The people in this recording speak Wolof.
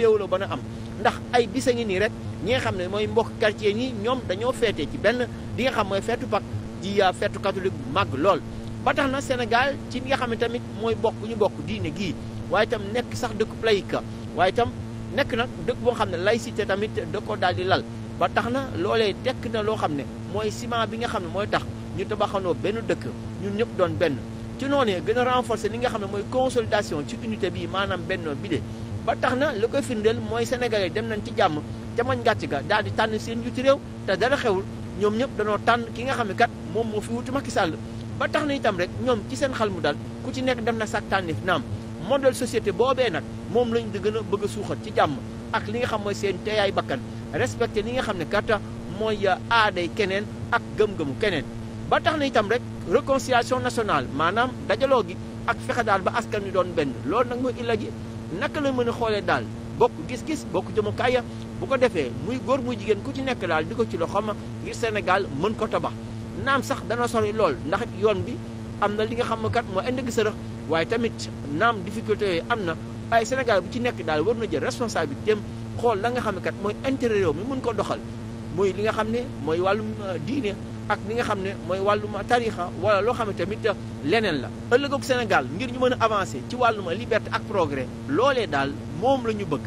féewaloo ba na am ndax ay bisa a ngi nii rek ñi xam ne mooy mbokk quartier ñi ñoom dañoo feetee ci benn di nga xam mooy feetu pak di euh, feetu catholique bu màgg lool ba tax na Sénégal ci li nga xam ne tamit mooy bokk ñu bokk diine gii waaye itam nekk sax dëkk laïque waaye itam nekk nag dëkk boo xam ne laïcité tamit da ko daal di lal ba tax na loolee tekk na loo xam ne mooy ciment bi nga xam ne mooy tax ñu tabaxandoo benn dëkk ñun ñëpp doon benn ci noonee gën a renforcer li nga xam ne mooy consolidation ci unité bii maanaam bennoo bi de ba tax na li koy firndeel mooy sénégalais dem nañ ci jàmm te mañ ga daal di tànn seen njiitu réew te dara xewul ñoom ñëpp danoo tànn ki nga xam ne kat moom moo fi wuti Macky Sall ba tax na itam rek ñoom ci seen xel mu dal ku ci nekk dem na sàkk tànnif naam modèle société boobee nag moom lañ di gën a bëgg a suuxat ci jàmm ak li nga xam mooy seen teeyaay bakkan respecté li nga xam ne kat mooy aaday keneen ak gëmgëmu keneen ba tax na itam rek réconciliation nationale maanaam dajaloo gi ak fexe daal ba askan wi doon benn loolu nag mooy illa ji naka la mën a xoolee daal bokk gis-gis bokk jëmukaay bu ko defee muy góor muy jigéen ku ci nekk daal di ko ci loxoom ngir Sénégal mën ko tabax naam sax dana sori lool ndax yoon bi am na li nga xam kat moo indi gisara waaye tamit naam difficulté yooyu am na waaye Sénégal bu ci nekk daal war na jël responsabilité am xool la nga mooy intérêt réew mi mën ko doxal muy li nga xam ne mooy wàllum euh, diine. ak li nga xam ne mooy wàlluma tarixa wala loo xam ne tamit leneen la ëllëg ak Sénégal ngir ñu mën a avancer ci wàlluma liberte ak progrès loolee daal moom la ñu bëgg